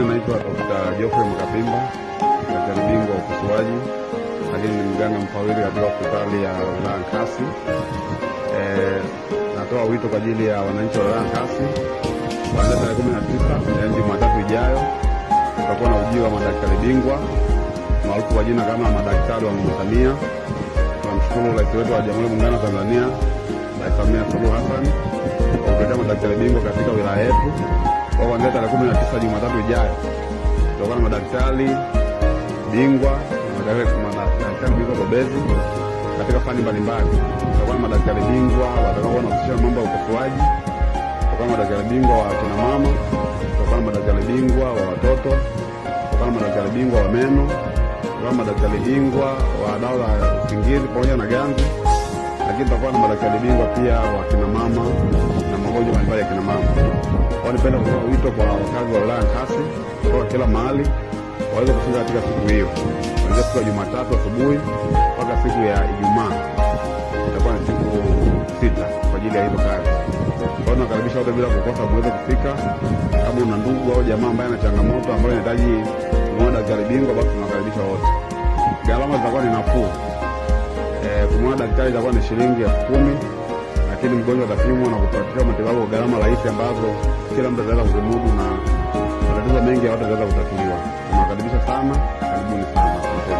Majina naitwa Dr. Geoffrey Mkapimba, daktari bingwa wa upasuaji, lakini ni mganga mfawili katika hospitali ya wilaya Nkasi. Eh, natoa wito kwa ajili ya wananchi wa wilaya Nkasi kuanzia tarehe kumi na tisa yaani Jumatatu ijayo tutakuwa na ujio wa madaktari bingwa maarufu kwa jina kama madaktari wa Mama Samia. Tunamshukuru rais wetu wa Jamhuri ya Muungano wa Tanzania, Rais Samia Suluhu Hassan, kwa madaktari bingwa katika wilaya yetu wa kuanzia tarehe kumi na tisa Jumatatu ijayo tutakuwa na madaktari bingwa madaktari bingwa bobezi katika fani mbalimbali. Tutakuwa na madaktari bingwa watakaokuwa wanahusisha mambo ya upasuaji, tutakuwa na madaktari bingwa wa kina mama, tutakuwa na madaktari bingwa wa watoto, tutakuwa na madaktari bingwa wa meno, tutakuwa na madaktari bingwa wa dawa za usingizi pamoja na ganzi, lakini tutakuwa na madaktari bingwa pia wa kina mama na magonjwa mbalimbali ya kina mama walipenda kutoa wito kwa wakazi wa wilaya Nkasi kutoka kila mahali waweze kufika katika siku hiyo, kuanzia siku ya Jumatatu asubuhi mpaka siku ya Ijumaa, itakuwa ni siku sita kwa ajili ya hizo kazi. Kwa hiyo nakaribisha wote bila kukosa muweze kufika. Kama una ndugu au jamaa ambaye ana changamoto ambayo inahitaji kumwona daktari bingwa, basi tunakaribisha wote. Gharama zitakuwa ni nafuu. Eh, kumwona daktari itakuwa ni shilingi elfu kumi lakini mgonjwa atapimwa na kupatiwa matibabu gharama rahisi ambazo kila mtu ataweza kuzimudu na matatizo mengi hawataweza kutatuliwa. Tunawakaribisha sana, karibuni sana.